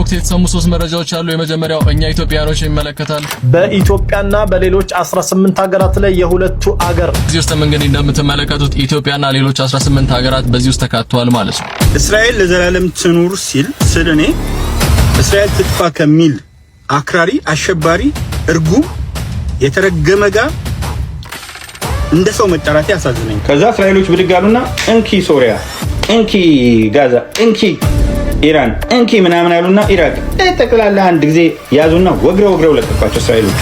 ወቅት የተሰሙ ሶስት መረጃዎች አሉ። የመጀመሪያው እኛ ኢትዮጵያኖች ይመለከታል። በኢትዮጵያና በሌሎች 18 ሀገራት ላይ የሁለቱ አገር እዚህ ውስጥም እንግዲህ እንደምትመለከቱት ኢትዮጵያና ሌሎች 18 ሀገራት በዚህ ውስጥ ተካተዋል ማለት ነው። እስራኤል ለዘላለም ትኑር ሲል ስል እኔ እስራኤል ትጥፋ ከሚል አክራሪ አሸባሪ እርጉም የተረገመ ጋር እንደ ሰው መጠራት ያሳዝነኝ። ከዛ እስራኤሎች ብድግ አሉና እንኪ ሶሪያ፣ እንኪ ጋዛ፣ እንኪ ኢራን እንኪ ምናምን ያሉና ኢራቅ ጠቅላላ አንድ ጊዜ ያዙና ወግረው ወግረው ለቀቋቸው እስራኤሎች።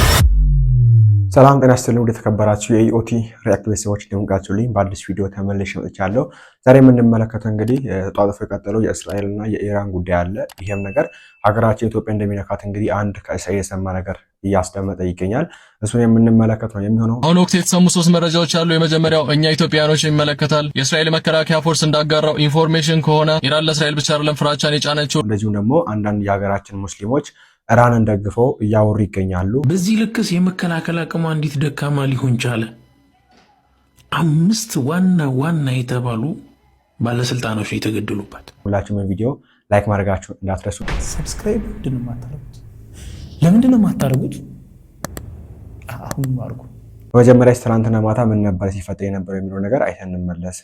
ሰላም ጤና ስትልን ወደ ተከበራችሁ የኢኦቲ ሪያክት ቤተሰቦች እንደምቃችሁልኝ በአዲስ ቪዲዮ ተመልሼ መጥቻለሁ። ዛሬ የምንመለከተው እንግዲህ ተጧጥፎ የቀጠለው የእስራኤል የእስራኤልና የኢራን ጉዳይ አለ። ይህም ነገር ሀገራችን ኢትዮጵያ እንደሚነካት እንግዲህ አንድ ከእስራኤል የሰማ ነገር እያስደመጠ ይገኛል። እሱን የምንመለከት ነው የሚሆነው። አሁን ወቅት የተሰሙ ሶስት መረጃዎች አሉ። የመጀመሪያው እኛ ኢትዮጵያኖች ይመለከታል። የእስራኤል መከላከያ ፎርስ እንዳጋራው ኢንፎርሜሽን ከሆነ ኢራን ለእስራኤል ብቻ አይደለም ፍራቻን የጫነችው፣ እንደዚሁም ደግሞ አንዳንድ የሀገራችን ሙስሊሞች ኢራንን ደግፈው እያወሩ ይገኛሉ። በዚህ ልክስ የመከላከል አቅሟ እንዴት ደካማ ሊሆን ቻለ? አምስት ዋና ዋና የተባሉ ባለስልጣኖች ነው የተገደሉበት። ሁላችሁም ቪዲዮ ላይክ ማድረጋችሁ እንዳትረሱ። ሰብስክራይብ ምንድን ነው የማታደርጉት? ለምንድን ነው የማታደርጉት? አሁን አድርጉ። በመጀመሪያ ትናንትና ማታ ምን ነበር ሲፈጠር የነበረው የሚለው ነገር አይተን እንመለስ።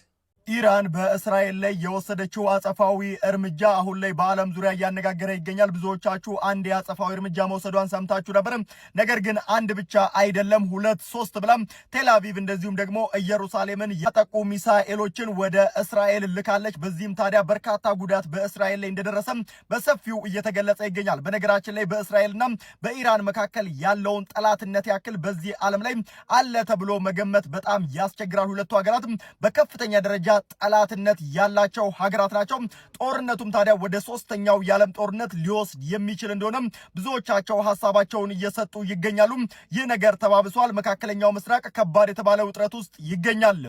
ኢራን በእስራኤል ላይ የወሰደችው አጸፋዊ እርምጃ አሁን ላይ በዓለም ዙሪያ እያነጋገረ ይገኛል። ብዙዎቻችሁ አንድ የአጸፋዊ እርምጃ መውሰዷን ሰምታችሁ ነበር። ነገር ግን አንድ ብቻ አይደለም፣ ሁለት ሶስት ብላም ቴልአቪቭ እንደዚሁም ደግሞ ኢየሩሳሌምን ያጠቁ ሚሳኤሎችን ወደ እስራኤል ልካለች። በዚህም ታዲያ በርካታ ጉዳት በእስራኤል ላይ እንደደረሰ በሰፊው እየተገለጸ ይገኛል። በነገራችን ላይ በእስራኤልና በኢራን መካከል ያለውን ጠላትነት ያክል በዚህ ዓለም ላይ አለ ተብሎ መገመት በጣም ያስቸግራል። ሁለቱ ሀገራት በከፍተኛ ደረጃ ጠላትነት ያላቸው ሀገራት ናቸው። ጦርነቱም ታዲያ ወደ ሶስተኛው የዓለም ጦርነት ሊወስድ የሚችል እንደሆነም ብዙዎቻቸው ሀሳባቸውን እየሰጡ ይገኛሉ። ይህ ነገር ተባብሷል። መካከለኛው ምስራቅ ከባድ የተባለ ውጥረት ውስጥ ይገኛል።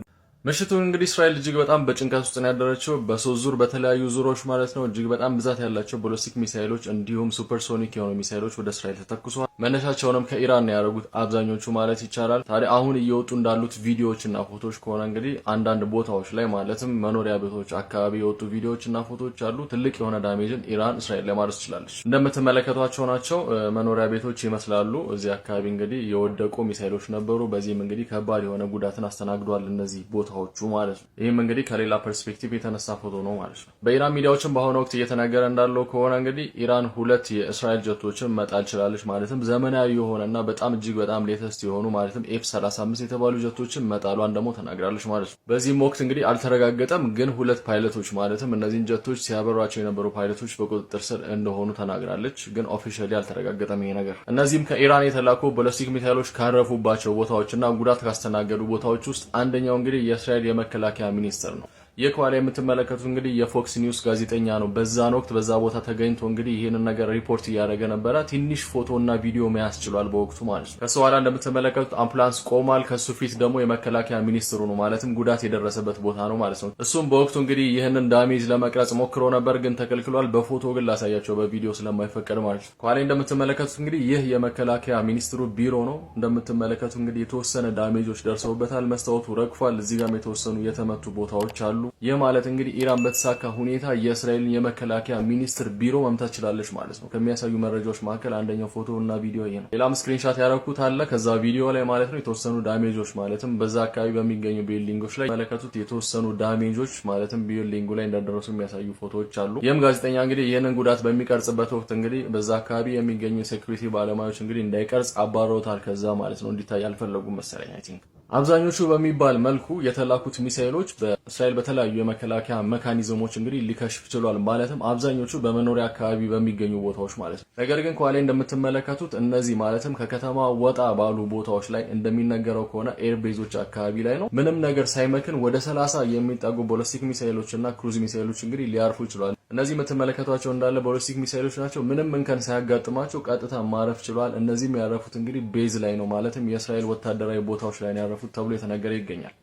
ምሽቱን እንግዲህ እስራኤል እጅግ በጣም በጭንቀት ውስጥ ነው ያደረችው። በሶስት ዙር በተለያዩ ዙሮች ማለት ነው እጅግ በጣም ብዛት ያላቸው ቦሎስቲክ ሚሳይሎች እንዲሁም ሱፐርሶኒክ የሆኑ ሚሳይሎች ወደ እስራኤል ተተኩሰዋል። መነሻቸውንም ከኢራን ያደረጉት አብዛኞቹ ማለት ይቻላል። ታዲያ አሁን እየወጡ እንዳሉት ቪዲዮዎችና ፎቶዎች ከሆነ እንግዲህ አንዳንድ ቦታዎች ላይ ማለትም መኖሪያ ቤቶች አካባቢ የወጡ ቪዲዮዎችና ፎቶዎች አሉ። ትልቅ የሆነ ዳሜጅን ኢራን እስራኤል ላይ ማድረስ ትችላለች። እንደምትመለከቷቸው ናቸው መኖሪያ ቤቶች ይመስላሉ። እዚህ አካባቢ እንግዲህ የወደቁ ሚሳይሎች ነበሩ። በዚህም እንግዲህ ከባድ የሆነ ጉዳትን አስተናግዷል እነዚህ ቦታ ፎቶዎቹ ማለት ነው። ይህም እንግዲህ ከሌላ ፐርስፔክቲቭ የተነሳ ፎቶ ነው ማለት ነው። በኢራን ሚዲያዎችም በአሁኑ ወቅት እየተነገረ እንዳለው ከሆነ እንግዲህ ኢራን ሁለት የእስራኤል ጀቶችን መጣል ችላለች። ማለትም ዘመናዊ የሆነና በጣም እጅግ በጣም ሌተስት የሆኑ ማለትም ኤፍ 35 የተባሉ ጀቶችን መጣሏን ደግሞ ተናግራለች ማለት ነው። በዚህም ወቅት እንግዲህ አልተረጋገጠም፣ ግን ሁለት ፓይለቶች ማለትም እነዚህን ጀቶች ሲያበሯቸው የነበሩ ፓይለቶች በቁጥጥር ስር እንደሆኑ ተናግራለች። ግን ኦፊሻሊ አልተረጋገጠም ይሄ ነገር። እነዚህም ከኢራን የተላኩ ቦለስቲክ ሚሳይሎች ካረፉባቸው ቦታዎችና ጉዳት ካስተናገዱ ቦታዎች ውስጥ አንደኛው እንግዲህ የእስራኤል የመከላከያ ሚኒስትር ነው። የኳላ የምትመለከቱት እንግዲህ የፎክስ ኒውስ ጋዜጠኛ ነው። በዛን ወቅት በዛ ቦታ ተገኝቶ እንግዲህ ይህንን ነገር ሪፖርት እያደረገ ነበረ። ትንሽ ፎቶና ቪዲዮ መያዝ ችሏል በወቅቱ ማለት ነው። ከሱ ኋላ እንደምትመለከቱት አምፕላንስ ቆሟል። ከሱ ፊት ደግሞ የመከላከያ ሚኒስትሩ ነው፣ ማለትም ጉዳት የደረሰበት ቦታ ነው ማለት ነው። እሱም በወቅቱ እንግዲህ ይህንን ዳሜጅ ለመቅረጽ ሞክሮ ነበር፣ ግን ተከልክሏል። በፎቶ ግን ላሳያቸው በቪዲዮ ስለማይፈቀድ ማለት ነው። ኳላ እንደምትመለከቱት እንግዲህ ይህ የመከላከያ ሚኒስትሩ ቢሮ ነው። እንደምትመለከቱ እንግዲህ የተወሰነ ዳሜጆች ደርሰውበታል። መስታወቱ ረግፏል። እዚህ ጋም የተወሰኑ የተመቱ ቦታዎች አሉ። ይህ ማለት እንግዲህ ኢራን በተሳካ ሁኔታ የእስራኤልን የመከላከያ ሚኒስትር ቢሮ መምታት ችላለች ማለት ነው። ከሚያሳዩ መረጃዎች መካከል አንደኛው ፎቶ እና ቪዲዮ ይሄ ነው። ሌላም ስክሪንሻት ያረኩት አለ ከዛ ቪዲዮ ላይ ማለት ነው። የተወሰኑ ዳሜጆች ማለትም በዛ አካባቢ በሚገኙ ቢልዲንጎች ላይ መለከቱት የተወሰኑ ዳሜጆች ማለትም ቢልዲንጉ ላይ እንደደረሱ የሚያሳዩ ፎቶዎች አሉ። ይህም ጋዜጠኛ እንግዲህ ይህንን ጉዳት በሚቀርጽበት ወቅት እንግዲህ በዛ አካባቢ የሚገኙ ሴኩሪቲ ባለሙያዎች እንግዲህ እንዳይቀርጽ አባረውታል። ከዛ ማለት ነው እንዲታይ አልፈለጉም መሰለኝ አይ ቲንክ አብዛኞቹ በሚባል መልኩ የተላኩት ሚሳኤሎች በእስራኤል በተለያዩ የመከላከያ መካኒዝሞች እንግዲህ ሊከሽፍ ችሏል። ማለትም አብዛኞቹ በመኖሪያ አካባቢ በሚገኙ ቦታዎች ማለት ነው። ነገር ግን ከኋላ እንደምትመለከቱት እነዚህ ማለትም ከከተማ ወጣ ባሉ ቦታዎች ላይ እንደሚነገረው ከሆነ ኤርቤዞች አካባቢ ላይ ነው ምንም ነገር ሳይመክን ወደ ሰላሳ የሚጠጉ ቦለስቲክ ሚሳኤሎች እና ክሩዝ ሚሳኤሎች እንግዲህ ሊያርፉ ይችሏል። እነዚህ የምትመለከቷቸው እንዳለ ባሊስቲክ ሚሳይሎች ናቸው። ምንም እንከን ሳያጋጥማቸው ቀጥታ ማረፍ ችሏል። እነዚህም ያረፉት እንግዲህ ቤዝ ላይ ነው፣ ማለትም የእስራኤል ወታደራዊ ቦታዎች ላይ ነው ያረፉት ተብሎ የተነገረ ይገኛል።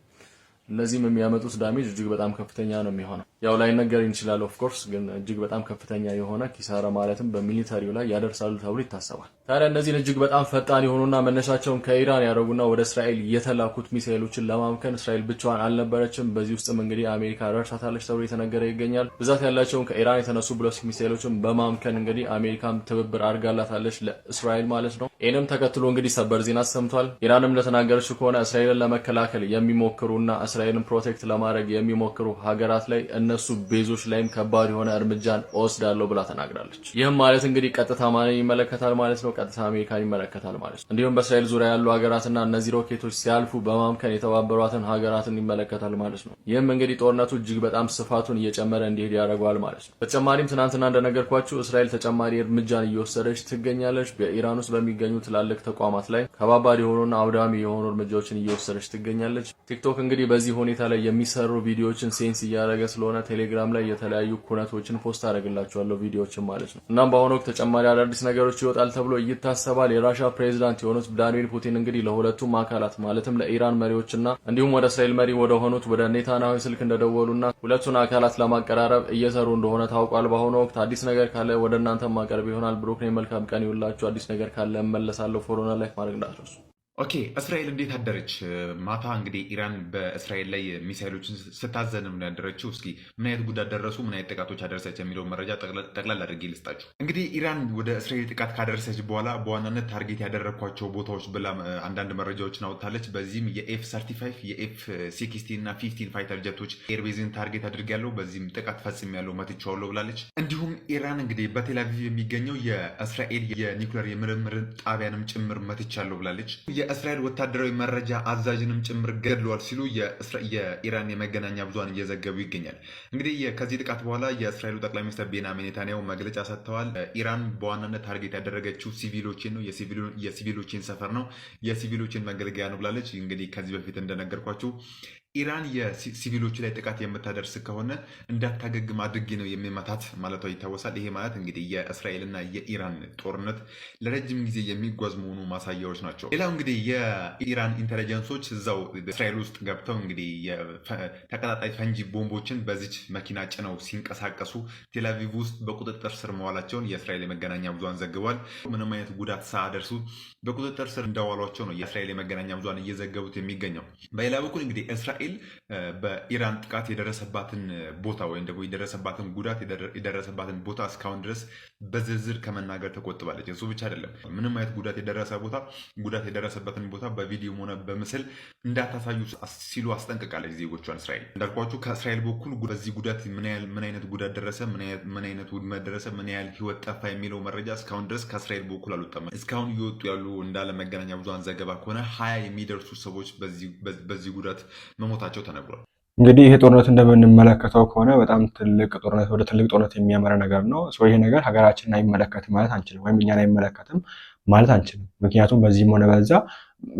እነዚህም የሚያመጡት ዳሜጅ እጅግ በጣም ከፍተኛ ነው የሚሆነው። ያው ነገር ይችላል ኦፍ ኮርስ፣ ግን እጅግ በጣም ከፍተኛ የሆነ ኪሳራ ማለትም በሚሊተሪው ላይ ያደርሳሉ ተብሎ ይታሰባል። ታዲያ እነዚህን እጅግ በጣም ፈጣን የሆኑና መነሻቸውን ከኢራን ያደረጉና ወደ እስራኤል የተላኩት ሚሳኤሎችን ለማምከን እስራኤል ብቻዋን አልነበረችም። በዚህ ውስጥም እንግዲህ አሜሪካ ረድሳታለች ተብሎ የተነገረ ይገኛል። ብዛት ያላቸውን ከኢራን የተነሱ ብሎስቲክ ሚሳኤሎችን በማምከን እንግዲህ አሜሪካም ትብብር አድርጋላታለች ለእስራኤል ማለት ነው። ይህንም ተከትሎ እንግዲህ ሰበር ዜና ሰምቷል። ኢራንም እንደተናገረችው ከሆነ እስራኤልን ለመከላከል የሚሞክሩና እስራኤልን ፕሮቴክት ለማድረግ የሚሞክሩ ሀገራት ላይ እነሱ ቤዞች ላይም ከባድ የሆነ እርምጃን እወስዳለሁ ብላ ተናግራለች። ይህም ማለት እንግዲህ ቀጥታ ማንን ይመለከታል ማለት ነው? ቀጥታ አሜሪካን ይመለከታል ማለት ነው። እንዲሁም በእስራኤል ዙሪያ ያሉ ሀገራትና እነዚህ ሮኬቶች ሲያልፉ በማምከን የተባበሯትን ሀገራትን ይመለከታል ማለት ነው። ይህም እንግዲህ ጦርነቱ እጅግ በጣም ስፋቱን እየጨመረ እንዲሄድ ያደርገዋል ማለት ነው። በተጨማሪም ትናንትና እንደነገርኳችሁ እስራኤል ተጨማሪ እርምጃን እየወሰደች ትገኛለች። በኢራን ውስጥ በሚገኙ ትላልቅ ተቋማት ላይ ከባባድ የሆኑና አውዳሚ የሆኑ እርምጃዎችን እየወሰደች ትገኛለች። ቲክቶክ እንግዲህ በዚህ ሁኔታ ላይ የሚሰሩ ቪዲዮዎችን ሴንስ እያደረገ ስለሆነ ቴሌግራም ላይ የተለያዩ ኩነቶችን ፖስት አደረግላቸዋለሁ ቪዲዮዎችን ማለት ነው። እናም በአሁኑ ወቅት ተጨማሪ አዳዲስ ነገሮች ይወጣል ተብሎ ይታሰባል። የራሻ ፕሬዚዳንት የሆኑት ቭላዲሚር ፑቲን እንግዲህ ለሁለቱም አካላት ማለትም ለኢራን መሪዎችና እንዲሁም ወደ እስራኤል መሪ ወደ ሆኑት ወደ ኔታንያሁ ስልክ እንደደወሉና ሁለቱን አካላት ለማቀራረብ እየሰሩ እንደሆነ ታውቋል። በአሁኑ ወቅት አዲስ ነገር ካለ ወደ እናንተ ማቀርብ ይሆናል። ብሩክኔ መልካም ቀን ይውላችሁ። አዲስ ነገር ካለ እመለሳለሁ። ፎሮና ላይክ ማድረግ እንዳትረሱ። ኦኬ እስራኤል እንዴት አደረች? ማታ እንግዲህ ኢራን በእስራኤል ላይ ሚሳይሎችን ስታዘንም ነው ያደረችው። እስኪ ምን አይነት ጉዳት ደረሱ፣ ምን አይነት ጥቃቶች አደረሰች የሚለውን መረጃ ጠቅላላ አድርጌ ልስጣችሁ። እንግዲህ ኢራን ወደ እስራኤል ጥቃት ካደረሰች በኋላ በዋናነት ታርጌት ያደረግኳቸው ቦታዎች ብላ አንዳንድ መረጃዎችን አውጥታለች በዚህም የኤፍ 35 የኤፍ ሲክስቲን እና ፊፍቲን ፋይተር ጀቶች ኤርቤዝን ታርጌት አድርጌያለሁ፣ በዚህም ጥቃት ፈጽሜያለሁ፣ መትቼዋለሁ ብላለች። እንዲሁም ኢራን እንግዲህ በቴል የሚገኘው የእስራኤል የኒውክሌር የምርምር ጣቢያንም ጭምር መትቻለሁ ብላለች። የእስራኤል ወታደራዊ መረጃ አዛዥንም ጭምር ገድለዋል ሲሉ የኢራን የመገናኛ ብዙሃን እየዘገቡ ይገኛል። እንግዲህ ከዚህ ጥቃት በኋላ የእስራኤሉ ጠቅላይ ሚኒስትር ቤንያሚን ኔታንያሁ መግለጫ ሰጥተዋል። ኢራን በዋናነት ታርጌት ያደረገችው ሲቪሎችን ነው፣ የሲቪሎችን ሰፈር ነው፣ የሲቪሎችን መገልገያ ነው ብላለች። እንግዲህ ከዚህ በፊት እንደነገርኳችሁ ኢራን የሲቪሎቹ ላይ ጥቃት የምታደርስ ከሆነ እንዳታገግ አድርጌ ነው የሚመታት ማለቷ ይታወሳል። ይሄ ማለት እንግዲህ የእስራኤልና የኢራን ጦርነት ለረጅም ጊዜ የሚጓዝ መሆኑ ማሳያዎች ናቸው። ሌላው እንግዲህ የኢራን ኢንቴሊጀንሶች እዛው እስራኤል ውስጥ ገብተው እንግዲህ ተቀጣጣይ ፈንጂ ቦምቦችን በዚች መኪና ጭነው ሲንቀሳቀሱ ቴላቪቭ ውስጥ በቁጥጥር ስር መዋላቸውን የእስራኤል የመገናኛ ብዙሃን ዘግቧል። ምንም አይነት ጉዳት ሳያደርሱ በቁጥጥር ስር እንዳዋሏቸው ነው የእስራኤል የመገናኛ ብዙሃን እየዘገቡት የሚገኘው። በሌላ በኩል እንግዲህ እስራኤል በኢራን ጥቃት የደረሰባትን ቦታ ወይም ደግሞ የደረሰባትን ጉዳት የደረሰባትን ቦታ እስካሁን ድረስ በዝርዝር ከመናገር ተቆጥባለች። እሱ ብቻ አይደለም፣ ምንም አይነት ጉዳት የደረሰ ቦታ ጉዳት የደረሰበትን ቦታ በቪዲዮም ሆነ በምስል እንዳታሳዩ ሲሉ አስጠንቅቃለች ዜጎቿን እስራኤል። እንዳልኳችሁ ከእስራኤል በኩል በዚህ ጉዳት ምን አይነት ጉዳት ደረሰ፣ ምን አይነት ውድመት ደረሰ፣ ምን ያህል ህይወት ጠፋ የሚለው መረጃ እስካሁን ድረስ ከእስራኤል በኩል አልወጣም። እስካሁን እየወጡ ያሉ እንዳለ መገናኛ ብዙሃን ዘገባ ከሆነ ሀያ የሚደርሱ ሰዎች በዚህ ጉዳት መሞታቸው ተነግሯል። እንግዲህ ይሄ ጦርነት እንደምንመለከተው ከሆነ በጣም ትልቅ ጦርነት ወደ ትልቅ ጦርነት የሚያመራ ነገር ነው። ይሄ ነገር ሀገራችንን አይመለከትም ማለት አንችልም፣ ወይም እኛን አይመለከትም ማለት አንችልም። ምክንያቱም በዚህም ሆነ በዛ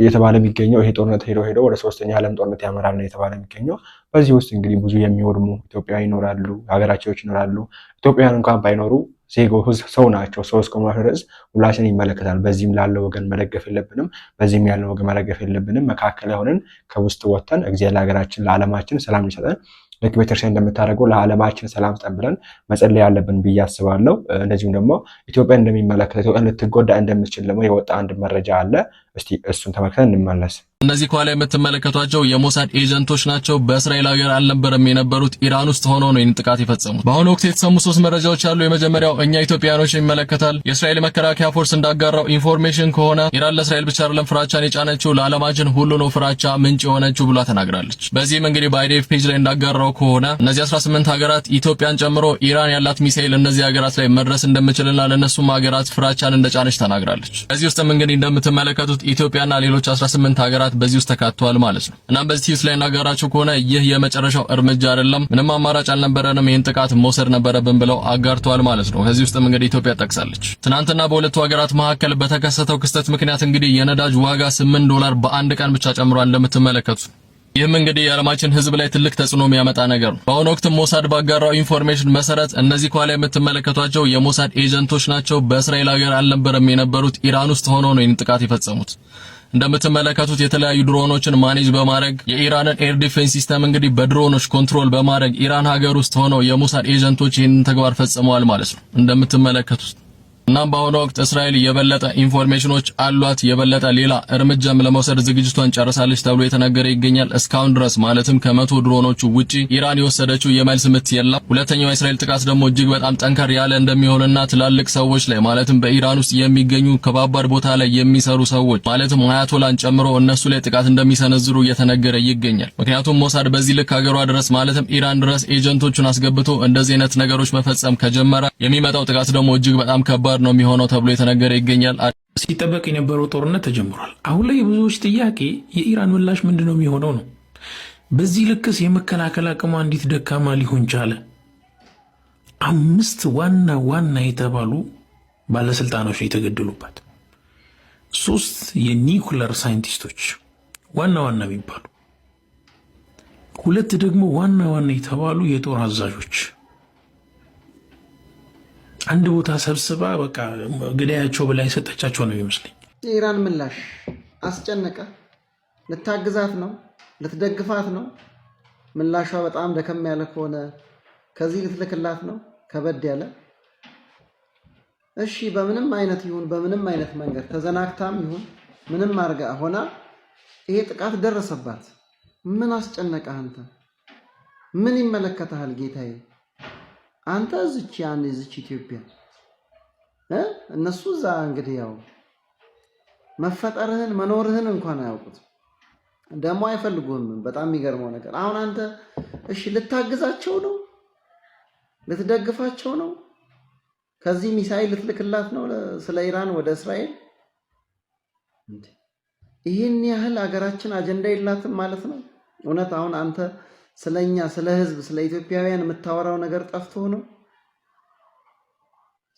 እየተባለ የሚገኘው ይሄ ጦርነት ሄዶ ሄዶ ወደ ሶስተኛ ዓለም ጦርነት ያመራል ነው የተባለ የሚገኘው። በዚህ ውስጥ እንግዲህ ብዙ የሚወድሙ ኢትዮጵያ ይኖራሉ፣ ሀገራቸዎች ይኖራሉ። ኢትዮጵያውያን እንኳን ባይኖሩ ሰው ናቸው። ሰው እስከሆኑ ድረስ ሁላችን ይመለከታል። በዚህም ላለው ወገን መደገፍ የለብንም፣ በዚህም ያለው ወገን መደገፍ የለብንም። መካከል ሆነን ከውስጥ ወጥተን እግዚአብሔር ለሀገራችን ለዓለማችን ሰላም ይሰጠን። ልክ ቤተክርስቲያን እንደምታደርገው ለዓለማችን ሰላም ብለን መጸለይ ያለብን ብዬ አስባለሁ። እንደዚሁም ደግሞ ኢትዮጵያ እንደሚመለከት ኢትዮጵያ ልትጎዳ እንደምትችል ደግሞ የወጣ አንድ መረጃ አለ። እስቲ እሱን ተመልክተን እንመለስ። እነዚህ ከኋላ የምትመለከቷቸው የሞሳድ ኤጀንቶች ናቸው። በእስራኤላውያን አልነበረም የነበሩት ኢራን ውስጥ ሆኖ ነው ይህን ጥቃት የፈጸሙት። በአሁኑ ወቅት የተሰሙ ሶስት መረጃዎች አሉ። የመጀመሪያው እኛ ኢትዮጵያኖች ይመለከታል። የእስራኤል መከላከያ ፎርስ እንዳጋራው ኢንፎርሜሽን ከሆነ ኢራን ለእስራኤል ብቻ አይደለም ፍራቻን የጫነችው ለዓለማችን ሁሉ ነው ፍራቻ ምንጭ የሆነችው ብላ ተናግራለች። በዚህም እንግዲህ በአይዲኤፍ ፔጅ ላይ እንዳጋራው ከሆነ እነዚህ 18 ሀገራት ኢትዮጵያን ጨምሮ ኢራን ያላት ሚሳኤል እነዚህ ሀገራት ላይ መድረስ እንደምችልና ለእነሱም ሀገራት ፍራቻን እንደጫነች ተናግራለች። በዚህ ውስጥም እንግዲህ እንደምትመለከቱት ኢትዮጵያና ሌሎች 18 ሀገራት ስርዓት በዚህ ውስጥ ተካቷል ማለት ነው። እናም በዚህ ሂስ ላይ እናጋራቸው ከሆነ ይህ የመጨረሻው እርምጃ አይደለም፣ ምንም አማራጭ አልነበረንም፣ ይህን ጥቃት መውሰድ ነበረብን ብለው አጋርተዋል ማለት ነው። ከዚህ ውስጥም እንግዲህ ኢትዮጵያ ጠቅሳለች። ትናንትና በሁለቱ ሀገራት መካከል በተከሰተው ክስተት ምክንያት እንግዲህ የነዳጅ ዋጋ 8 ዶላር በአንድ ቀን ብቻ ጨምሯል እንደምትመለከቱት ይህም እንግዲህ የዓለማችን ሕዝብ ላይ ትልቅ ተጽዕኖ የሚያመጣ ነገር ነው። በአሁኑ ወቅት ሞሳድ ባጋራው ኢንፎርሜሽን መሰረት እነዚህ ከኋላ የምትመለከቷቸው የሞሳድ ኤጀንቶች ናቸው። በእስራኤል ሀገር አልነበረም የነበሩት፣ ኢራን ውስጥ ሆኖ ነው ይህን ጥቃት የፈጸሙት። እንደምትመለከቱት የተለያዩ ድሮኖችን ማኔጅ በማድረግ የኢራንን ኤር ዲፌንስ ሲስተም እንግዲህ በድሮኖች ኮንትሮል በማድረግ ኢራን ሀገር ውስጥ ሆነው የሙሳድ ኤጀንቶች ይህንን ተግባር ፈጽመዋል ማለት ነው እንደምትመለከቱት እናም በአሁኑ ወቅት እስራኤል የበለጠ ኢንፎርሜሽኖች አሏት፣ የበለጠ ሌላ እርምጃም ለመውሰድ ዝግጅቷን ጨርሳለች ተብሎ የተነገረ ይገኛል። እስካሁን ድረስ ማለትም ከመቶ ድሮኖቹ ውጪ ኢራን የወሰደችው የመልስ ምት የለም። ሁለተኛው የእስራኤል ጥቃት ደግሞ እጅግ በጣም ጠንከር ያለ እንደሚሆንና ትላልቅ ሰዎች ላይ ማለትም በኢራን ውስጥ የሚገኙ ከባባድ ቦታ ላይ የሚሰሩ ሰዎች ማለትም አያቶላን ጨምሮ እነሱ ላይ ጥቃት እንደሚሰነዝሩ እየተነገረ ይገኛል። ምክንያቱም ሞሳድ በዚህ ልክ ሀገሯ ድረስ ማለትም ኢራን ድረስ ኤጀንቶቹን አስገብቶ እንደዚህ አይነት ነገሮች መፈጸም ከጀመረ የሚመጣው ጥቃት ደግሞ እጅግ በጣም ከባድ ከባድ ነው የሚሆነው ተብሎ የተነገረ ይገኛል። ሲጠበቅ የነበረው ጦርነት ተጀምሯል። አሁን ላይ የብዙዎች ጥያቄ የኢራን ምላሽ ምንድን ነው የሚሆነው ነው። በዚህ ልክስ የመከላከል አቅሟ እንዴት ደካማ ሊሆን ቻለ? አምስት ዋና ዋና የተባሉ ባለስልጣኖች የተገደሉባት፣ ሶስት የኒውክለር ሳይንቲስቶች ዋና ዋና የሚባሉ፣ ሁለት ደግሞ ዋና ዋና የተባሉ የጦር አዛዦች አንድ ቦታ ሰብስባ በቃ ግዳያቸው ብላ የሰጠቻቸው ነው ይመስለኝ። የኢራን ምላሽ አስጨነቀ። ልታግዛት ነው፣ ልትደግፋት ነው። ምላሿ በጣም ደከም ያለ ከሆነ ከዚህ ልትልክላት ነው፣ ከበድ ያለ እሺ። በምንም አይነት ይሁን በምንም አይነት መንገድ ተዘናግታም ይሁን ምንም አድርጋ ሆና ይሄ ጥቃት ደረሰባት። ምን አስጨነቀህ አንተ? ምን ይመለከተሃል ጌታዬ? አንተ እዚች ያን እዚች ኢትዮጵያ እነሱ እዛ እንግዲህ ያው መፈጠርህን መኖርህን እንኳን አያውቁት ደግሞ አይፈልጉህም። በጣም የሚገርመው ነገር አሁን አንተ እሺ ልታግዛቸው ነው፣ ልትደግፋቸው ነው፣ ከዚህ ሚሳኤል ልትልክላት ነው ስለ ኢራን ወደ እስራኤል። ይህን ያህል አገራችን አጀንዳ የላትም ማለት ነው እውነት አሁን አንተ ስለ እኛ ስለ ህዝብ ስለ ኢትዮጵያውያን የምታወራው ነገር ጠፍቶ ነው?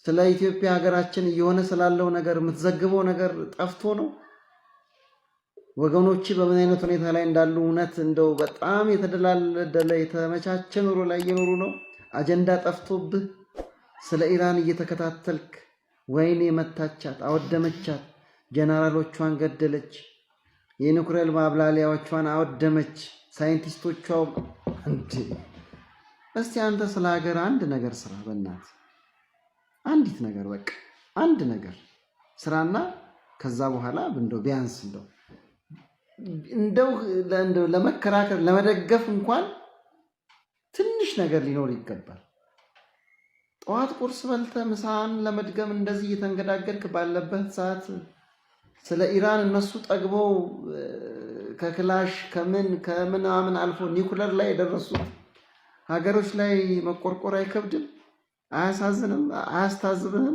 ስለ ኢትዮጵያ ሀገራችን እየሆነ ስላለው ነገር የምትዘግበው ነገር ጠፍቶ ነው? ወገኖች በምን አይነት ሁኔታ ላይ እንዳሉ እውነት እንደው በጣም የተደላደለ የተመቻቸ ኑሮ ላይ እየኖሩ ነው? አጀንዳ ጠፍቶብህ ስለ ኢራን እየተከታተልክ ወይኔ መታቻት፣ አወደመቻት፣ ጀነራሎቿን ገደለች፣ የኒውክሌር ማብላሊያዎቿን አወደመች ሳይንቲስቶቿ እንደ እስቲ አንተ ስለ ሀገር አንድ ነገር ስራ በእናት አንዲት ነገር በቃ አንድ ነገር ስራና ከዛ በኋላ እንደው ቢያንስ እንደው እንደው ለመከራከር ለመደገፍ እንኳን ትንሽ ነገር ሊኖር ይገባል። ጠዋት ቁርስ በልተ ምሳን ለመድገም እንደዚህ እየተንገዳገድክ ባለበት ሰዓት ስለ ኢራን እነሱ ጠግበው ከክላሽ ከምን ከምናምን አልፎ ኒኩለር ላይ የደረሱት ሀገሮች ላይ መቆርቆር አይከብድም? አያሳዝንም? አያስታዝብህም?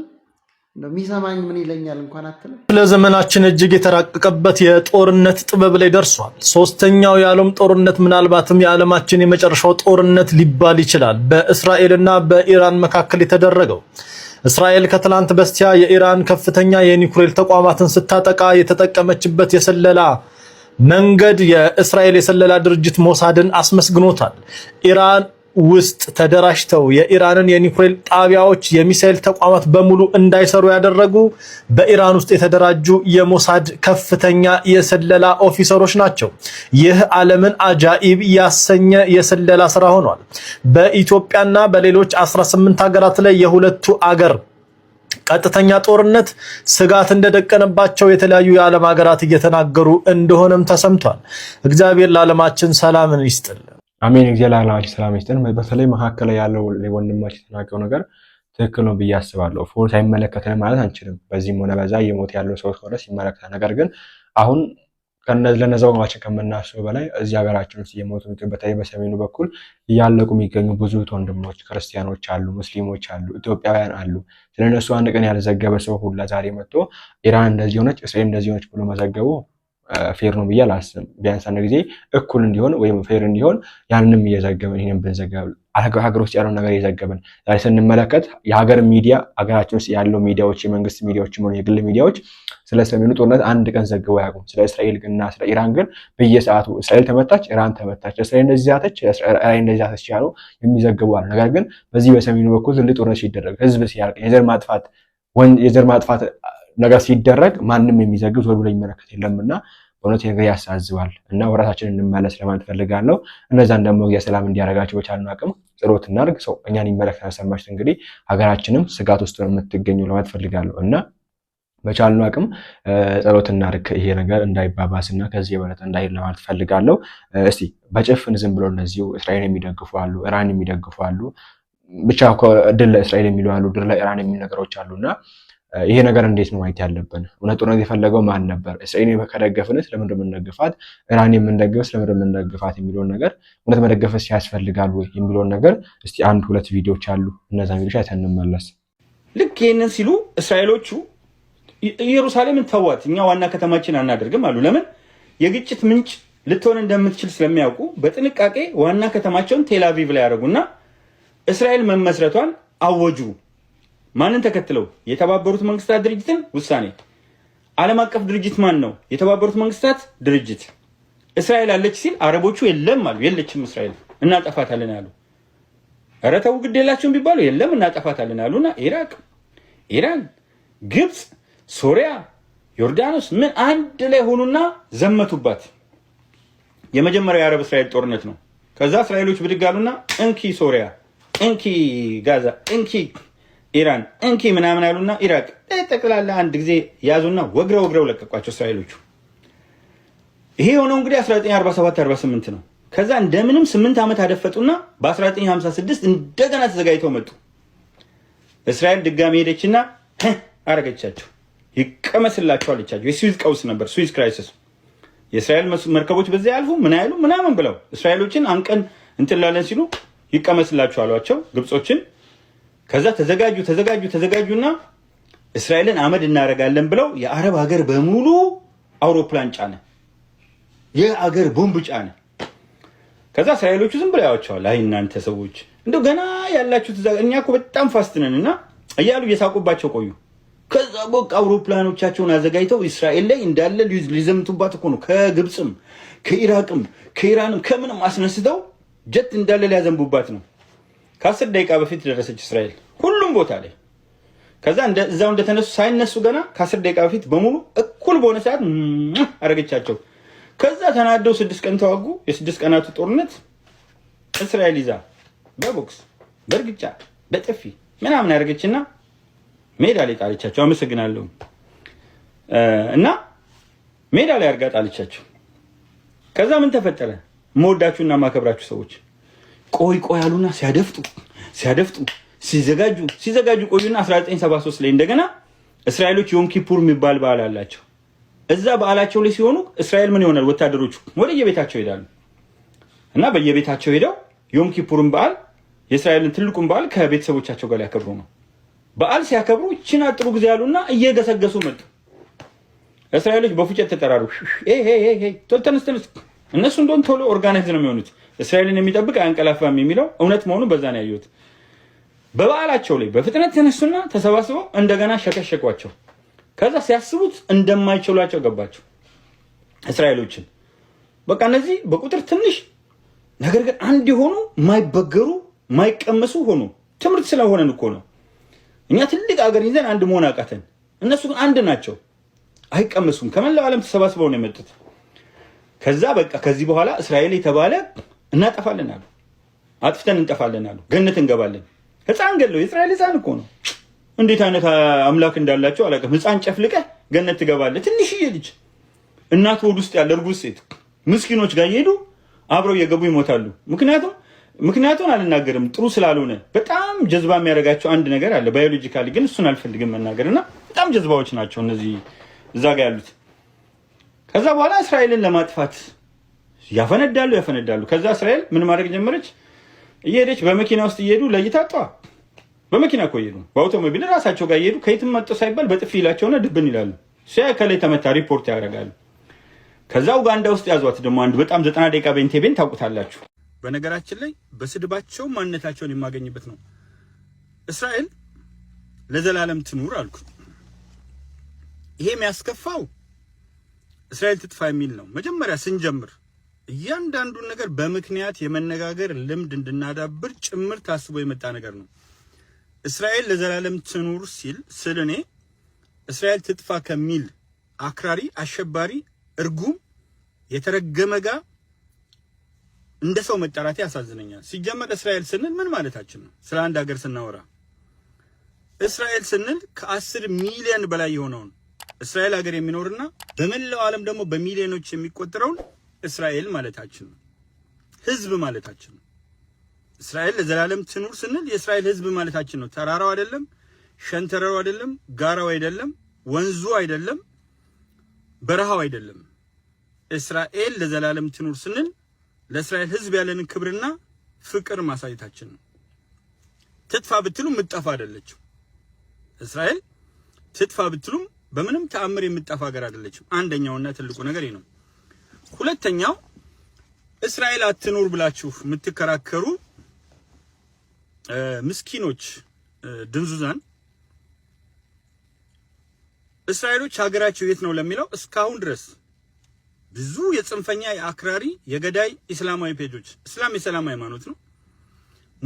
ሚሰማኝ ምን ይለኛል እንኳን አትልም። ለዘመናችን እጅግ የተራቀቀበት የጦርነት ጥበብ ላይ ደርሷል። ሶስተኛው የዓለም ጦርነት ምናልባትም የዓለማችን የመጨረሻው ጦርነት ሊባል ይችላል። በእስራኤልና በኢራን መካከል የተደረገው እስራኤል ከትላንት በስቲያ የኢራን ከፍተኛ የኒኩሌር ተቋማትን ስታጠቃ የተጠቀመችበት የስለላ መንገድ የእስራኤል የስለላ ድርጅት ሞሳድን አስመስግኖታል። ኢራን ውስጥ ተደራጅተው የኢራንን የኒውክሌር ጣቢያዎች፣ የሚሳኤል ተቋማት በሙሉ እንዳይሰሩ ያደረጉ በኢራን ውስጥ የተደራጁ የሞሳድ ከፍተኛ የስለላ ኦፊሰሮች ናቸው። ይህ ዓለምን አጃኢብ ያሰኘ የስለላ ስራ ሆኗል። በኢትዮጵያና በሌሎች 18 ሀገራት ላይ የሁለቱ አገር ቀጥተኛ ጦርነት ስጋት እንደደቀነባቸው የተለያዩ የዓለም ሀገራት እየተናገሩ እንደሆነም ተሰምቷል። እግዚአብሔር ለዓለማችን ሰላምን ይስጥል። አሜን። እግዚአብሔር ለዓለማችን ሰላም ይስጥል። በተለይ መካከል ያለው ወንድማችን የተናገረው ነገር ትክክል ነው ብዬ አስባለሁ። ፎርስ አይመለከተንም ማለት አንችልም። በዚህም ሆነ በዛ እየሞተ ያለው ሰው ሆነ ሲመለከተ ነገር ግን አሁን ለነዛ ወገባችን ከምናስበው በላይ እዚህ ሀገራችን ውስጥ እየሞቱ በተለይ በሰሜኑ በኩል እያለቁ የሚገኙ ብዙ ወንድሞች ክርስቲያኖች አሉ፣ ሙስሊሞች አሉ፣ ኢትዮጵያውያን አሉ። ስለነሱ አንድ ቀን ያልዘገበ ሰው ሁላ ዛሬ መጥቶ ኢራን እንደዚህ ሆነች፣ እስራኤል እንደዚህ ሆነች ብሎ መዘገቡ ፌር ነው ብዬ አላስብም። ቢያንስ አንድ ጊዜ እኩል እንዲሆን ወይም ፌር እንዲሆን ያንንም እየዘገብን ይህንም ብንዘገብ ሀገር ውስጥ ያለው ነገር እየዘገብን ዛሬ ስንመለከት የሀገር ሚዲያ ሀገራችን ውስጥ ያለው ሚዲያዎች፣ የመንግስት ሚዲያዎች፣ የግል ሚዲያዎች ስለ ሰሜኑ ጦርነት አንድ ቀን ዘግበው አያውቁም። ስለ እስራኤል ግንና ስለ ኢራን ግን በየሰዓቱ እስራኤል ተመታች፣ ኢራን ተመታች፣ እስራኤል እንደዚህ ዛተች፣ ኢራን እንደዚህ ዛተች ያሉ የሚዘግቡ አሉ። ነገር ግን በዚህ በሰሜኑ በኩል ትልቅ ጦርነት ሲደረግ ህዝብ ሲያልቅ የዘር ማጥፋት የዘር ማጥፋት ነገር ሲደረግ ማንም የሚዘግብ ዞር ብሎ የሚመለከት የለምና በእውነት ነገር ያሳዝባል እና ወራታችን እንመለስ ለማለት ፈልጋለሁ። እነዛን ደግሞ የሰላም እንዲያደርጋቸው በቻልን አቅም ጸሎት እናድርግ። ሰው እኛን ይመለከታል። ሰማችሁት እንግዲህ ሀገራችንም ስጋት ውስጥ ነው የምትገኘው ለማለት ፈልጋለሁ እና በቻልነው አቅም ጸሎት እናርክ። ይሄ ነገር እንዳይባባስ እና ከዚህ የበለጠ እንዳይሄድ ለማለት ፈልጋለሁ። እስቲ በጭፍን ዝም ብሎ እነዚሁ እስራኤል የሚደግፉ አሉ፣ ኢራን የሚደግፉ አሉ፣ ብቻ ድል ለእስራኤል የሚሉ አሉ፣ ድል ለኢራን የሚሉ ነገሮች አሉ እና ይሄ ነገር እንዴት ነው ማየት ያለብን? እውነት ጦርነት የፈለገው ማን ነበር? እስራኤል ከደገፍንስ ለምንድን የምንደግፋት? ኢራን የምንደግፍስ ለምንድን የምንደግፋት? የሚለውን ነገር እውነት መደገፍስ ያስፈልጋል ወይ የሚለውን ነገር እስቲ አንድ ሁለት ቪዲዮዎች አሉ፣ እነዛ ቪዲዮች አይተን እንመለስ። ልክ ይህንን ሲሉ እስራኤሎቹ ኢየሩሳሌምን ተዋት፣ እኛ ዋና ከተማችን አናደርግም አሉ። ለምን? የግጭት ምንጭ ልትሆን እንደምትችል ስለሚያውቁ በጥንቃቄ ዋና ከተማቸውን ቴላቪቭ ላይ ያደረጉና እስራኤል መመስረቷን አወጁ። ማንን ተከትለው? የተባበሩት መንግስታት ድርጅትን ውሳኔ። ዓለም አቀፍ ድርጅት ማን ነው? የተባበሩት መንግስታት ድርጅት። እስራኤል አለች ሲል አረቦቹ የለም አሉ። የለችም እስራኤል እናጠፋታለን አሉ። ኧረ ተው ግድ የላቸውም ቢባሉ የለም እናጠፋታለን አሉና ኢራቅ፣ ኢራን፣ ግብፅ ሶሪያ፣ ዮርዳኖስ ምን አንድ ላይ ሆኑና ዘመቱባት። የመጀመሪያው የአረብ እስራኤል ጦርነት ነው። ከዛ እስራኤሎች ብድግ አሉና እንኪ ሶሪያ፣ እንኪ ጋዛ፣ እንኪ ኢራን፣ እንኪ ምናምን አሉና ኢራቅ ጠቅላላ አንድ ጊዜ ያዙና ወግረው ወግረው ለቀቋቸው እስራኤሎቹ። ይሄ የሆነው እንግዲህ 1947 ነው። ከዛ እንደምንም ስምንት ዓመት አደፈጡና በ1956 እንደገና ተዘጋጅተው መጡ። እስራኤል ድጋሚ ሄደችና አረገቻቸው። ይቀመስላቸዋል ይቻቸው። የስዊዝ ቀውስ ነበር፣ ስዊዝ ክራይሲስ። የእስራኤል መርከቦች በዚያ ያልፉ ምን አይሉ ምናምን ብለው እስራኤሎችን አንቀን እንትላለን ሲሉ ይቀመስላቸው አሏቸው ግብጾችን። ከዛ ተዘጋጁ ተዘጋጁ ተዘጋጁና እስራኤልን አመድ እናደርጋለን ብለው የአረብ ሀገር በሙሉ አውሮፕላን ጫነ፣ የአገር ቦምብ ጫነ። ከዛ እስራኤሎቹ ዝም ብለው ያዋቸዋል። አይ እናንተ ሰዎች እንደው ገና ያላችሁ እኛ እኮ በጣም ፋስትነን እና እያሉ እየሳቁባቸው ቆዩ። ከዛ በቃ አውሮፕላኖቻቸውን አዘጋጅተው እስራኤል ላይ እንዳለ ሊዘምቱባት እኮ ነው። ከግብፅም ከኢራቅም ከኢራንም ከምንም አስነስተው ጀት እንዳለ ሊያዘንቡባት ነው። ከአስር ደቂቃ በፊት ደረሰች እስራኤል ሁሉም ቦታ ላይ። ከዛ እዛው እንደተነሱ ሳይነሱ ገና ከአስር ደቂቃ በፊት በሙሉ እኩል በሆነ ሰዓት አረገቻቸው። ከዛ ተናደው ስድስት ቀን ተዋጉ። የስድስት ቀናቱ ጦርነት እስራኤል ይዛ በቦክስ በእርግጫ በጥፊ ምናምን ያደረገችና ሜዳ ላይ ጣልቻቸው። አመሰግናለሁ እና ሜዳ ላይ አድርጋ ጣልቻቸው። ከዛ ምን ተፈጠረ? መወዳችሁና ማከብራችሁ ሰዎች ቆይ ቆይ አሉና ሲያደፍጡ ሲያደፍጡ ሲዘጋጁ ሲዘጋጁ ቆዩና 1973 ላይ እንደገና እስራኤሎች ዮም ኪፑር የሚባል በዓል አላቸው። እዛ በዓላቸው ላይ ሲሆኑ እስራኤል ምን ይሆናል? ወታደሮቹ ወደ የቤታቸው ይሄዳሉ እና በየቤታቸው ሄደው ዮም ኪፑርን በዓል የእስራኤልን ትልቁን በዓል ከቤተሰቦቻቸው ጋር ሊያከብሩ ነው። በዓል ሲያከብሩ ቺና አጥሩ ጊዜ ያሉና እየገሰገሱ መጡ። እስራኤሎች በፉጨት ተጠራሩ። ቶሎ ተነስ ተነስ። እነሱ እንደሆን ቶሎ ኦርጋናይዝ ነው የሚሆኑት። እስራኤልን የሚጠብቅ አያንቀላፋም የሚለው እውነት መሆኑ በዛ ነው ያዩት። በበዓላቸው ላይ በፍጥነት ተነሱና ተሰባስበው እንደገና ሸከሸቋቸው። ከዛ ሲያስቡት እንደማይችሏቸው ገባቸው እስራኤሎችን። በቃ እነዚህ በቁጥር ትንሽ ነገር ግን አንድ የሆኑ ማይበገሩ ማይቀመሱ ሆኑ። ትምህርት ስለሆነን እኮ ነው እኛ ትልቅ ሀገር ይዘን አንድ መሆን አቃተን። እነሱ ግን አንድ ናቸው፣ አይቀመሱም። ከመላው ዓለም ተሰባስበው ነው የመጡት። ከዛ በቃ ከዚህ በኋላ እስራኤል የተባለ እናጠፋለን አሉ። አጥፍተን እንጠፋለን አሉ። ገነት እንገባለን። ህፃን ገለው የእስራኤል ህፃን እኮ ነው። እንዴት አይነት አምላክ እንዳላቸው አላውቅም። ህፃን ጨፍልቀ ገነት ትገባለ ትንሽዬ ልጅ እናት ሆድ ውስጥ ያለ እርጉዝ ሴት ምስኪኖች ጋር እየሄዱ አብረው እየገቡ ይሞታሉ። ምክንያቱም ምክንያቱን አልናገርም ጥሩ ስላልሆነ በጣም ጀዝባ የሚያደርጋቸው አንድ ነገር አለ ባዮሎጂካሊ፣ ግን እሱን አልፈልግም መናገር እና በጣም ጀዝባዎች ናቸው እነዚህ እዛ ጋ ያሉት። ከዛ በኋላ እስራኤልን ለማጥፋት ያፈነዳሉ ያፈነዳሉ። ከዛ እስራኤል ምን ማድረግ ጀመረች? እየሄደች በመኪና ውስጥ እየሄዱ ለይታ ጧ በመኪና እኮ እየሄዱ በአውቶሞቢል ራሳቸው ጋር እየሄዱ ከየትም መጡ ሳይባል በጥፊ ይላቸውና ድብን ይላሉ። ሲያ ከላይ ተመታ ሪፖርት ያደርጋሉ። ከዛ ኡጋንዳ ውስጥ ያዟት ደግሞ አንድ በጣም ዘጠና ደቂቃ በኢንቴቤን ታውቁታላችሁ። በነገራችን ላይ በስድባቸው ማንነታቸውን የማገኝበት ነው። እስራኤል ለዘላለም ትኑር አልኩ። ይሄ የሚያስከፋው እስራኤል ትጥፋ የሚል ነው። መጀመሪያ ስንጀምር እያንዳንዱን ነገር በምክንያት የመነጋገር ልምድ እንድናዳብር ጭምር ታስቦ የመጣ ነገር ነው። እስራኤል ለዘላለም ትኑር ሲል ስል እኔ እስራኤል ትጥፋ ከሚል አክራሪ፣ አሸባሪ፣ እርጉም፣ የተረገመ ጋር እንደ ሰው መጠራቴ ያሳዝነኛል። ሲጀመር እስራኤል ስንል ምን ማለታችን ነው? ስለ አንድ ሀገር ስናወራ እስራኤል ስንል ከአስር ሚሊዮን በላይ የሆነውን እስራኤል ሀገር የሚኖርና በመላው ዓለም ደግሞ በሚሊዮኖች የሚቆጠረውን እስራኤል ማለታችን ነው። ህዝብ ማለታችን ነው። እስራኤል ለዘላለም ትኑር ስንል የእስራኤል ህዝብ ማለታችን ነው። ተራራው አይደለም፣ ሸንተረሩ አይደለም፣ ጋራው አይደለም፣ ወንዙ አይደለም፣ በረሃው አይደለም። እስራኤል ለዘላለም ትኑር ስንል ለእስራኤል ህዝብ ያለንን ክብርና ፍቅር ማሳየታችን ነው። ትጥፋ ብትሉ ምጠፋ አይደለችም። እስራኤል ትጥፋ ብትሉም በምንም ተአምር የምትጠፋ ሀገር አይደለችም። አንደኛውና ትልቁ ነገር ነው። ሁለተኛው እስራኤል አትኑር ብላችሁ የምትከራከሩ ምስኪኖች ድንዙዛን እስራኤሎች ሀገራቸው የት ነው ለሚለው እስካሁን ድረስ ብዙ የጽንፈኛ የአክራሪ የገዳይ ኢስላማዊ ፔጆች፣ እስላም የሰላም ሃይማኖት ነው።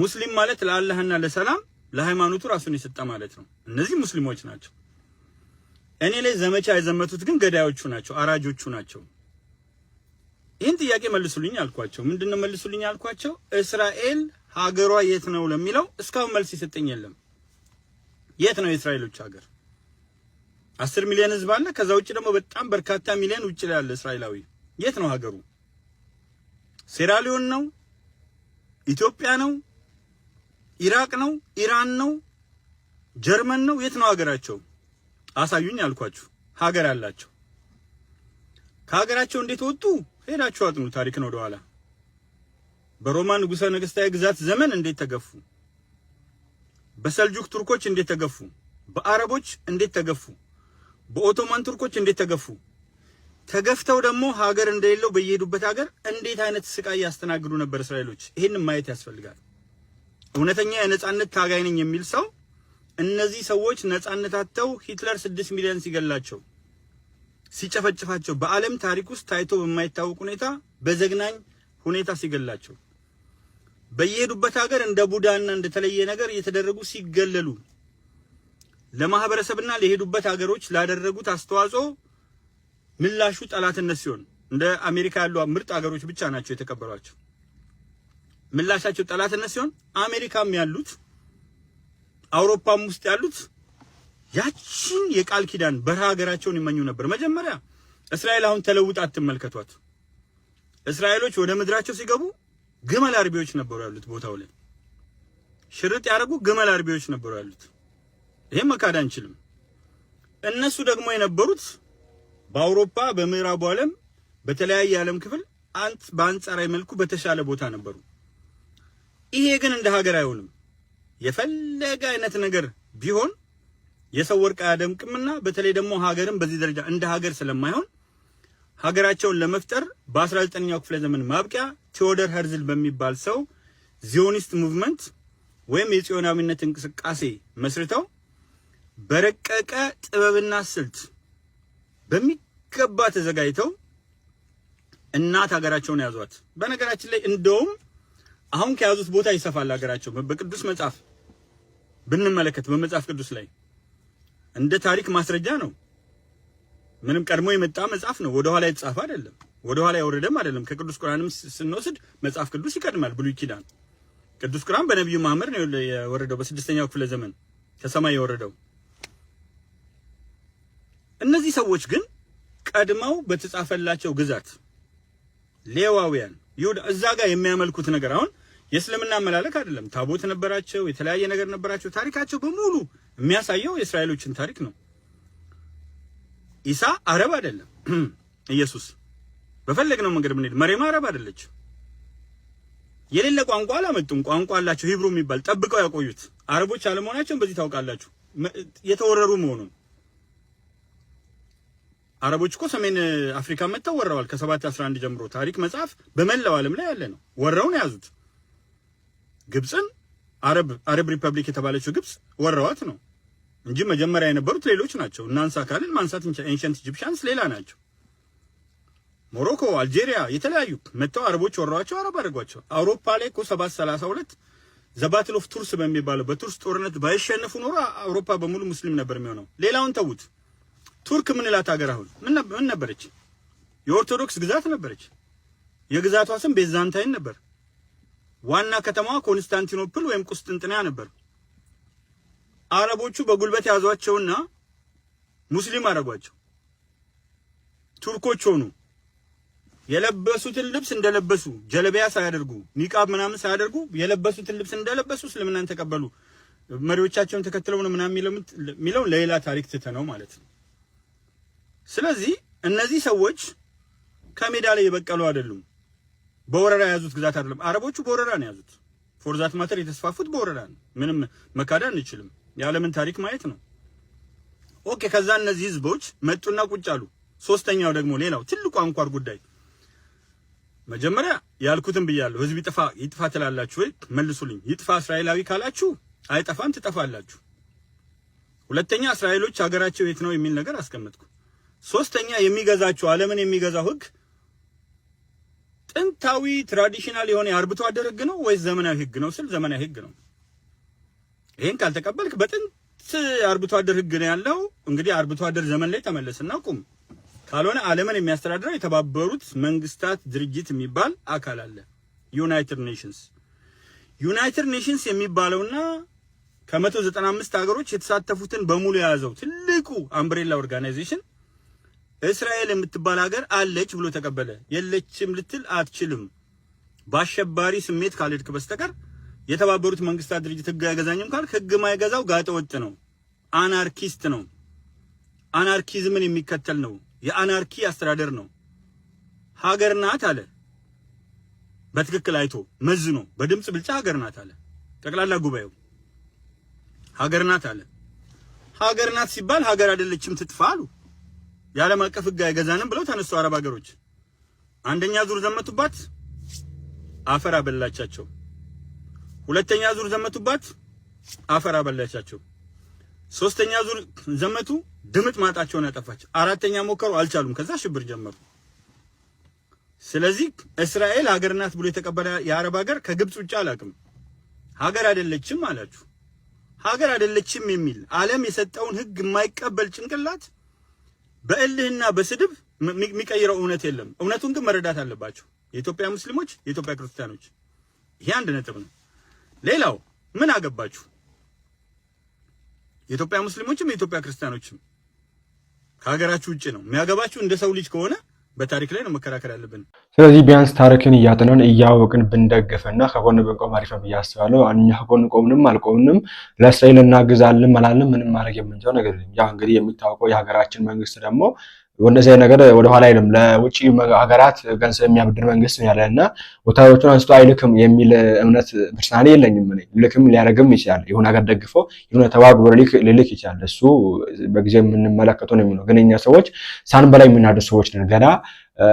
ሙስሊም ማለት ለአላህና ለሰላም ለሃይማኖቱ ራሱን የሰጠ ማለት ነው። እነዚህ ሙስሊሞች ናቸው። እኔ ላይ ዘመቻ የዘመቱት ግን ገዳዮቹ ናቸው፣ አራጆቹ ናቸው። ይህን ጥያቄ መልሱልኝ አልኳቸው። ምንድነው መልሱልኝ አልኳቸው? እስራኤል ሀገሯ የት ነው ለሚለው እስካሁን መልስ የሰጠኝ የለም። የት ነው የእስራኤሎች ሀገር? አስር ሚሊዮን ህዝብ አለ። ከዛ ውጭ ደግሞ በጣም በርካታ ሚሊዮን ውጭ ላይ አለ እስራኤላዊ። የት ነው ሀገሩ? ሴራሊዮን ነው? ኢትዮጵያ ነው? ኢራቅ ነው፣ ኢራን ነው፣ ጀርመን ነው። የት ነው ሀገራቸው? አሳዩኝ አልኳችሁ። ሀገር አላቸው። ከሀገራቸው እንዴት ወጡ? ሄዳችሁ አጥኑ ታሪክን ወደኋላ። በሮማ ንጉሠ ነገሥታዊ ግዛት ዘመን እንዴት ተገፉ? በሰልጁክ ቱርኮች እንዴት ተገፉ? በአረቦች እንዴት ተገፉ? በኦቶማን ቱርኮች እንዴት ተገፉ? ተገፍተው ደግሞ ሀገር እንደሌለው በየሄዱበት ሀገር እንዴት አይነት ስቃይ ያስተናግዱ ነበር እስራኤሎች። ይህን ማየት ያስፈልጋል። እውነተኛ የነጻነት ታጋይ ነኝ የሚል ሰው እነዚህ ሰዎች ነጻነት አጥተው ሂትለር ስድስት ሚሊዮን ሲገላቸው ሲጨፈጭፋቸው በዓለም ታሪክ ውስጥ ታይቶ በማይታወቅ ሁኔታ በዘግናኝ ሁኔታ ሲገላቸው በየሄዱበት ሀገር እንደ ቡዳና እንደተለየ ነገር እየተደረጉ ሲገለሉ ለማህበረሰብና ለሄዱበት ሀገሮች ላደረጉት አስተዋጽኦ ምላሹ ጠላትነት ሲሆን እንደ አሜሪካ ያሉ ምርጥ ሀገሮች ብቻ ናቸው የተቀበሏቸው። ምላሻቸው ጠላትነት ሲሆን አሜሪካም ያሉት አውሮፓም ውስጥ ያሉት ያችን የቃል ኪዳን በረሃ ሀገራቸውን ይመኙ ነበር። መጀመሪያ እስራኤል አሁን ተለውጣ አትመልከቷት። እስራኤሎች ወደ ምድራቸው ሲገቡ ግመል አርቢዎች ነበሩ ያሉት ቦታው ላይ ሽርጥ ያደረጉ ግመል አርቢዎች ነበሩ ያሉት። ይሄን መካድ አንችልም። እነሱ ደግሞ የነበሩት በአውሮፓ በምዕራቡ ዓለም በተለያየ ዓለም ክፍል አንት በአንጻራዊ መልኩ በተሻለ ቦታ ነበሩ። ይሄ ግን እንደ ሀገር አይሆንም። የፈለገ አይነት ነገር ቢሆን የሰው ወርቅ አያደምቅምና በተለይ ደግሞ ሀገርም በዚህ ደረጃ እንደ ሀገር ስለማይሆን ሀገራቸውን ለመፍጠር በ19ኛው ክፍለ ዘመን ማብቂያ ቴዎደር ሀርዝል በሚባል ሰው ዚዮኒስት ሙቭመንት ወይም የጽዮናዊነት እንቅስቃሴ መስርተው በረቀቀ ጥበብና ስልት በሚገባ ተዘጋጅተው እናት ሀገራቸውን ያዟት። በነገራችን ላይ እንደውም አሁን ከያዙት ቦታ ይሰፋል ሀገራቸው። በቅዱስ መጽሐፍ ብንመለከት በመጽሐፍ ቅዱስ ላይ እንደ ታሪክ ማስረጃ ነው። ምንም ቀድሞ የመጣ መጽሐፍ ነው። ወደኋላ የተጻፈ አይደለም። ወደኋላ ያወረደም አይደለም። ከቅዱስ ቁርአንም ስንወስድ መጽሐፍ ቅዱስ ይቀድማል። ብሉይ ኪዳን ቅዱስ ቁርአን በነቢዩ መሐመድ ነው የወረደው በስድስተኛው ክፍለ ዘመን ከሰማይ የወረደው። እነዚህ ሰዎች ግን ቀድመው በተጻፈላቸው ግዛት ሌዋውያን ይሁዳ እዛ ጋር የሚያመልኩት ነገር አሁን የእስልምና አመላለክ አይደለም። ታቦት ነበራቸው፣ የተለያየ ነገር ነበራቸው። ታሪካቸው በሙሉ የሚያሳየው የእስራኤሎችን ታሪክ ነው። ኢሳ አረብ አይደለም። ኢየሱስ በፈለግነው መንገድ ምንሄድ መሬም አረብ አይደለች። የሌለ ቋንቋ አላመጡም። ቋንቋ አላቸው፣ ሂብሩ የሚባል ጠብቀው ያቆዩት። አረቦች አለመሆናቸውን በዚህ ታውቃላችሁ፣ የተወረሩ መሆኑን። አረቦች እኮ ሰሜን አፍሪካ መጥተው ወረዋል። ከሰባት አስራ አንድ ጀምሮ ታሪክ መጽሐፍ በመላው ዓለም ላይ ያለ ነው። ወረውን የያዙት ግብፅን አረብ ሪፐብሊክ የተባለችው ግብፅ ወረዋት ነው እንጂ መጀመሪያ የነበሩት ሌሎች ናቸው። እናንሳ ካልን ማንሳት ኤንሸንት ኢጂፕሽያንስ ሌላ ናቸው። ሞሮኮ፣ አልጄሪያ የተለያዩ መጥተው አረቦች ወረዋቸው፣ አረብ አድርጓቸው። አውሮፓ ላይ እኮ ሰባት ሰላሳ ሁለት ዘባትል ኦፍ ቱርስ በሚባለው በቱርስ ጦርነት ባይሸነፉ ኖሮ አውሮፓ በሙሉ ሙስሊም ነበር የሚሆነው። ሌላውን ተዉት። ቱርክ ምንላት ሀገር አሁን ምን ነበረች? የኦርቶዶክስ ግዛት ነበረች። የግዛቷ ስም ቤዛንታይን ነበር። ዋና ከተማዋ ኮንስታንቲኖፕል ወይም ቁስጥንጥንያ ነበር። አረቦቹ በጉልበት ያዟቸውና ሙስሊም አደረጓቸው። ቱርኮች ሆኑ። የለበሱትን ልብስ እንደለበሱ ጀለቢያ ሳያደርጉ ኒቃብ ምናምን ሳያደርጉ የለበሱትን ልብስ እንደለበሱ እስልምናን ተቀበሉ። መሪዎቻቸውን ተከትለው ነው ምናምን የሚለውን ለሌላ ታሪክ ትተነው ማለት ነው። ስለዚህ እነዚህ ሰዎች ከሜዳ ላይ የበቀሉ አይደሉም። በወረራ የያዙት ግዛት አይደለም። አረቦቹ በወረራ ነው የያዙት። ፎርዛት ማተር የተስፋፉት በወረራ ነው። ምንም መካድ አንችልም። የዓለምን ታሪክ ማየት ነው። ኦኬ። ከዛ እነዚህ ህዝቦች መጡና ቁጭ አሉ። ሶስተኛው ደግሞ ሌላው ትልቁ አንኳር ጉዳይ መጀመሪያ ያልኩትን ብያለሁ። ህዝብ ይጥፋ ይጥፋ ትላላችሁ ወይ? መልሱልኝ። ይጥፋ እስራኤላዊ ካላችሁ አይጠፋም፣ ትጠፋላችሁ። ሁለተኛ እስራኤሎች ሀገራቸው የት ነው የሚል ነገር አስቀመጥኩ። ሶስተኛ የሚገዛችሁ ዓለምን የሚገዛው ህግ ጥንታዊ ትራዲሽናል የሆነ የአርብቶ አደር ህግ ነው ወይስ ዘመናዊ ህግ ነው ስል ዘመናዊ ህግ ነው። ይህን ካልተቀበልክ በጥንት አርብቶ አደር ህግ ነው ያለው። እንግዲህ አርብቶ አደር ዘመን ላይ ተመለስና ቁም። ካልሆነ ዓለምን የሚያስተዳድረው የተባበሩት መንግስታት ድርጅት የሚባል አካል አለ፣ ዩናይትድ ኔሽንስ። ዩናይትድ ኔሽንስ የሚባለውና ከመቶ ዘጠና ሀገሮች የተሳተፉትን በሙሉ የያዘው ትልቁ አምብሬላ ኦርጋናይዜሽን እስራኤል የምትባል ሀገር አለች ብሎ ተቀበለ። የለችም ልትል አትችልም፣ በአሸባሪ ስሜት ካልሄድክ በስተቀር የተባበሩት መንግስታት ድርጅት ህግ አይገዛኝም ካል ህግ ማይገዛው ጋጠወጥ ነው፣ አናርኪስት ነው፣ አናርኪዝምን የሚከተል ነው፣ የአናርኪ አስተዳደር ነው። ሀገር ናት አለ በትክክል አይቶ መዝኖ በድምፅ ብልጫ ሀገር ናት አለ ጠቅላላ ጉባኤው። ሀገር ናት አለ። ሀገር ናት ሲባል ሀገር አይደለችም ትጥፋ አሉ። የዓለም አቀፍ ህግ አይገዛንም ብለው ተነሱ አረብ ሀገሮች። አንደኛ ዙር ዘመቱባት፣ አፈር አበላቻቸው። ሁለተኛ ዙር ዘመቱባት፣ አፈር አበላቻቸው። ሶስተኛ ዙር ዘመቱ፣ ድምጥ ማጣቸውን አጠፋች። አራተኛ ሞከሩ፣ አልቻሉም። ከዛ ሽብር ጀመሩ። ስለዚህ እስራኤል ሀገር ናት ብሎ የተቀበለ የአረብ ሀገር ከግብጽ ውጭ አላውቅም። ሀገር አይደለችም አላችሁ። ሀገር አይደለችም የሚል ዓለም የሰጠውን ህግ የማይቀበል ጭንቅላት በእልህና በስድብ የሚቀይረው እውነት የለም። እውነቱን ግን መረዳት አለባቸው የኢትዮጵያ ሙስሊሞች፣ የኢትዮጵያ ክርስቲያኖች። ይሄ አንድ ነጥብ ነው። ሌላው ምን አገባችሁ? የኢትዮጵያ ሙስሊሞችም የኢትዮጵያ ክርስቲያኖችም ከሀገራችሁ ውጭ ነው የሚያገባችሁ። እንደ ሰው ልጅ ከሆነ በታሪክ ላይ ነው መከራከር ያለብን። ስለዚህ ቢያንስ ታሪክን እያጥነን እያወቅን ብንደግፍና ከጎን ብንቆም አሪፍ ነው ብዬ አስባለሁ። እኛ ከጎን ቆምንም አልቆምንም ለእስራኤል እናግዛለን አላልንም ምንም ማድረግ የምንችለው ነገር እንግዲህ የሚታወቀው የሀገራችን መንግስት ደግሞ ወደዚህ ነገር ወደኋላ አይልም። ለውጭ ሀገራት ገንዘብ የሚያበድር መንግስት ያለ እና ወታደሮቹን አንስቶ አይልክም የሚል እምነት ፐርሰናሊ የለኝም። ልክም ሊያደርግም ይችላል። የሆነ ሀገር ደግፎ የሆነ ተባብሮ ብረሊክ ሊልክ ይችላል። እሱ በጊዜ የምንመለከተው ነው የሚሆነው። ግን እኛ ሰዎች ሳንበላ የምናድር ሰዎች ነን። ገና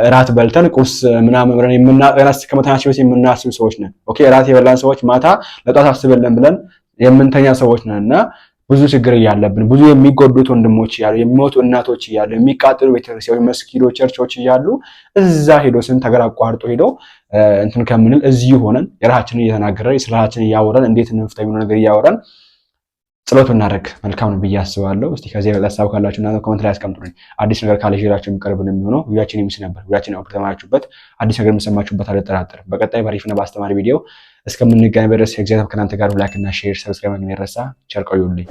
እራት በልተን ቁርስ ምናምን ብለን የምናራት ከመተኛታችን በፊት የምናስብ ሰዎች ነን። ኦኬ እራት የበላን ሰዎች ማታ ለጧት አስበለን ብለን የምንተኛ ሰዎች ነን እና ብዙ ችግር እያለብን ብዙ የሚጎዱት ወንድሞች እያሉ የሚሞቱ እናቶች እያሉ የሚቃጠሉ ቤተክርስቲያኖች፣ መስጊዶች፣ ቸርቾች እያሉ እዛ ሄዶ ስንት ሀገር አቋርጦ ሄዶ እንትን ከምንል እዚሁ ሆነን የራሳችንን እየተናገረን ስራችን እያወረን እንዴት እንፍታ የሚሆነ ነገር እያወረን ጸሎት እናደርግ መልካም ነው ብዬ አስባለሁ። እስቲ ከዚህ በላይ ሀሳብ ካላችሁ እና ኮመንት ላይ አስቀምጡልኝ። አዲስ ነገር ካለ ሼራችሁ የሚቀርብ ነው የሚሆነው። ቪዲዮአችን የሚስ ነበር ቪዲዮአችን ተማራችሁበት፣ አዲስ ነገር የምሰማችሁበት አልጠራጠርም። በቀጣይ በአሪፍና በአስተማሪ ቪዲዮ እስከምንገናኝ በደረስ የእግዚአብሔር ከእናንተ ጋር። ላይክና ሼር ሰብስክራይብ የሚረሳ ቸር ቆዩልኝ።